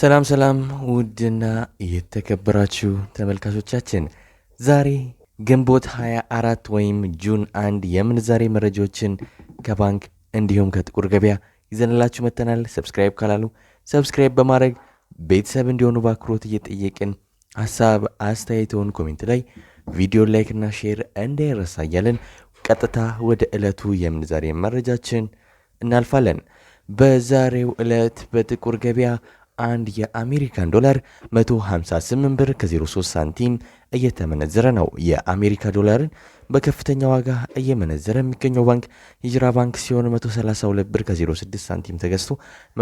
ሰላም ሰላም ውድና የተከበራችሁ ተመልካቾቻችን ዛሬ ግንቦት 24 ወይም ጁን አንድ የምንዛሬ መረጃዎችን ከባንክ እንዲሁም ከጥቁር ገበያ ይዘንላችሁ መተናል። ሰብስክራይብ ካላሉ ሰብስክራይብ በማድረግ ቤተሰብ እንዲሆኑ በአክብሮት እየጠየቅን ሀሳብ አስተያየተውን ኮሜንት ላይ ቪዲዮ ላይክና ሼር እንዳይረሳ እያለን ቀጥታ ወደ ዕለቱ የምንዛሬ መረጃችን እናልፋለን። በዛሬው ዕለት በጥቁር ገበያ አንድ የአሜሪካን ዶላር 158 ብር ከ03 ሳንቲም እየተመነዘረ ነው። የአሜሪካ ዶላርን በከፍተኛ ዋጋ እየመነዘረ የሚገኘው ባንክ ሂጅራ ባንክ ሲሆን 132 ብር ከ06 ሳንቲም ተገዝቶ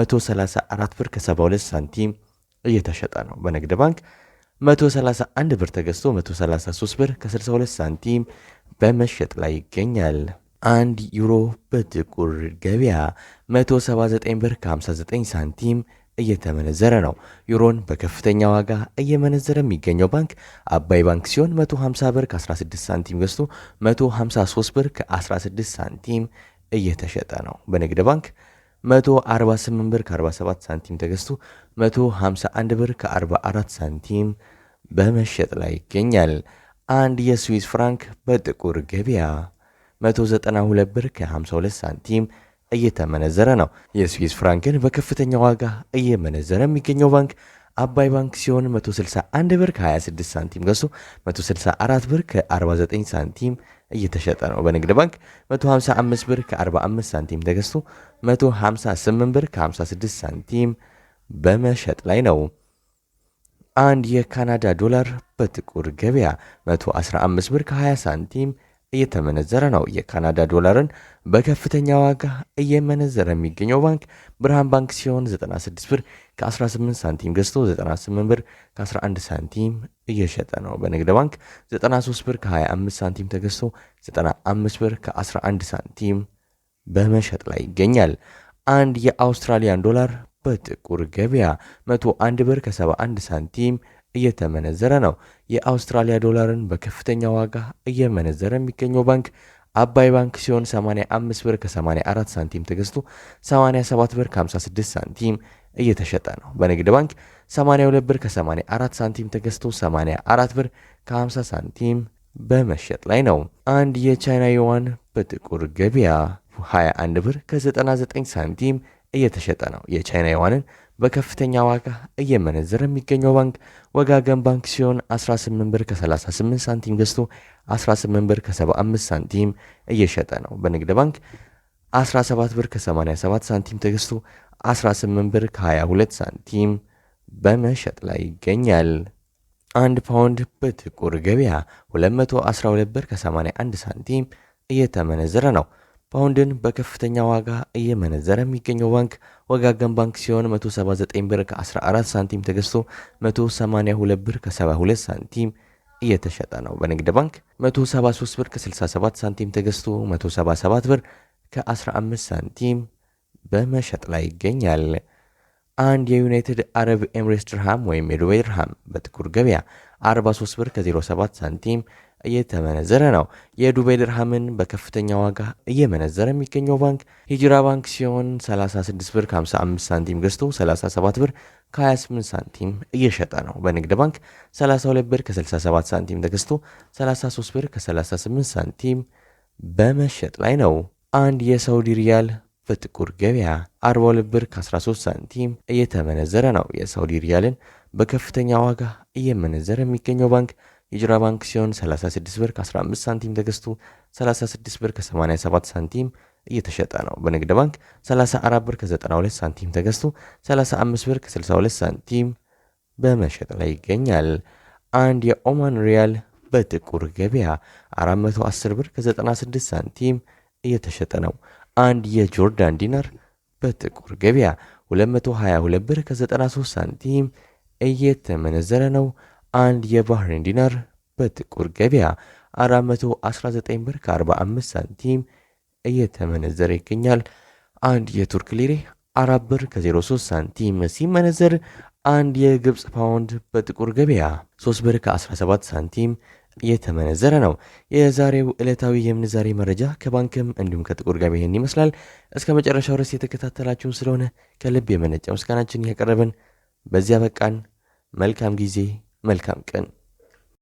134 ብር ከ72 ሳንቲም እየተሸጠ ነው። በንግድ ባንክ 131 ብር ተገዝቶ 133 ብር ከ62 ሳንቲም በመሸጥ ላይ ይገኛል። አንድ ዩሮ በጥቁር ገበያ 179 ብር ከ59 ሳንቲም እየተመነዘረ ነው። ዩሮን በከፍተኛ ዋጋ እየመነዘረ የሚገኘው ባንክ አባይ ባንክ ሲሆን 150 ብር ከ16 ሳንቲም ገዝቶ 153 ብር ከ16 ሳንቲም እየተሸጠ ነው። በንግድ ባንክ 148 ብር ከ47 ሳንቲም ተገዝቶ 151 ብር ከ44 ሳንቲም በመሸጥ ላይ ይገኛል። አንድ የስዊስ ፍራንክ በጥቁር ገበያ 192 ብር ከ52 ሳንቲም እየተመነዘረ ነው። የስዊስ ፍራንክን በከፍተኛ ዋጋ እየመነዘረ የሚገኘው ባንክ አባይ ባንክ ሲሆን 161 ብር ከ26 ሳንቲም ገዝቶ 164 ብር ከ49 ሳንቲም እየተሸጠ ነው። በንግድ ባንክ 155 ብር ከ45 ሳንቲም ተገዝቶ 158 ብር ከ56 ሳንቲም በመሸጥ ላይ ነው። አንድ የካናዳ ዶላር በጥቁር ገበያ 115 ብር ከ20 ሳንቲም እየተመነዘረ ነው። የካናዳ ዶላርን በከፍተኛ ዋጋ እየመነዘረ የሚገኘው ባንክ ብርሃን ባንክ ሲሆን 96 ብር ከ18 ሳንቲም ገዝቶ 98 ብር ከ11 ሳንቲም እየሸጠ ነው። በንግድ ባንክ 93 ብር ከ25 ሳንቲም ተገዝቶ 95 ብር ከ11 ሳንቲም በመሸጥ ላይ ይገኛል። አንድ የአውስትራሊያን ዶላር በጥቁር ገበያ 101 ብር ከ71 ሳንቲም እየተመነዘረ ነው። የአውስትራሊያ ዶላርን በከፍተኛ ዋጋ እየመነዘረ የሚገኘው ባንክ አባይ ባንክ ሲሆን 85 ብር ከ84 ሳንቲም ተገዝቶ 87 ብር ከ56 ሳንቲም እየተሸጠ ነው። በንግድ ባንክ 82 ብር ከ84 ሳንቲም ተገዝቶ 84 ብር ከ50 ሳንቲም በመሸጥ ላይ ነው። አንድ የቻይና ዩዋን በጥቁር ገበያ 21 ብር ከ99 ሳንቲም እየተሸጠ ነው። የቻይና ዩዋንን በከፍተኛ ዋጋ እየመነዘረ የሚገኘው ባንክ ወጋገን ባንክ ሲሆን 18 ብር ከ38 ሳንቲም ገዝቶ 18 ብር ከ75 ሳንቲም እየሸጠ ነው። በንግድ ባንክ 17 ብር ከ87 ሳንቲም ተገዝቶ 18 ብር ከ22 ሳንቲም በመሸጥ ላይ ይገኛል። አንድ ፓውንድ በጥቁር ገበያ 212 ብር ከ81 ሳንቲም እየተመነዘረ ነው። ፓውንድን በከፍተኛ ዋጋ እየመነዘረ የሚገኘው ባንክ ወጋገን ባንክ ሲሆን 179 ብር ከ14 ሳንቲም ተገዝቶ 182 ብር ከ72 ሳንቲም እየተሸጠ ነው። በንግድ ባንክ 173 ብር ከ67 ሳንቲም ተገዝቶ 177 ብር ከ15 ሳንቲም በመሸጥ ላይ ይገኛል። አንድ የዩናይትድ አረብ ኤምሬትስ ድርሃም ወይም የዱባይ ድርሃም በጥቁር ገበያ 43 ብር ከ07 ሳንቲም እየተመነዘረ ነው። የዱባይ ድርሃምን በከፍተኛ ዋጋ እየመነዘረ የሚገኘው ባንክ ሂጅራ ባንክ ሲሆን 36 ብር 55 ሳንቲም ገዝቶ 37 ብር ከ28 ሳንቲም እየሸጠ ነው። በንግድ ባንክ 32 ብር ከ67 ሳንቲም ተገዝቶ 33 ብር ከ38 ሳንቲም በመሸጥ ላይ ነው። አንድ የሳውዲ ሪያል በጥቁር ገበያ 42 ብር ከ13 ሳንቲም እየተመነዘረ ነው። የሳውዲ ሪያልን በከፍተኛ ዋጋ እየመነዘረ የሚገኘው ባንክ የጅራ ባንክ ሲሆን 36 ብር ከ15 ሳንቲም ተገዝቶ 36 ብር ከ87 ሳንቲም እየተሸጠ ነው። በንግድ ባንክ 34 ብር ከ92 ሳንቲም ተገዝቶ 35 ብር ከ62 ሳንቲም በመሸጥ ላይ ይገኛል። አንድ የኦማን ሪያል በጥቁር ገበያ 410 ብር ከ96 ሳንቲም እየተሸጠ ነው። አንድ የጆርዳን ዲናር በጥቁር ገበያ 222 ብር ከ93 ሳንቲም እየተመነዘረ ነው። አንድ የባህሬን ዲናር በጥቁር ገበያ 419 ብር ከ45 ሳንቲም እየተመነዘረ ይገኛል። አንድ የቱርክ ሊሬ 4 ብር ከ03 ሳንቲም ሲመነዘር አንድ የግብፅ ፓውንድ በጥቁር ገበያ 3 ብር ከ17 ሳንቲም እየተመነዘረ ነው። የዛሬው ዕለታዊ የምንዛሬ መረጃ ከባንክም እንዲሁም ከጥቁር ገበያ ይህን ይመስላል። እስከ መጨረሻው ድረስ የተከታተላችሁን ስለሆነ ከልብ የመነጨ ምስጋናችን እያቀረብን በዚያ በቃን። መልካም ጊዜ፣ መልካም ቀን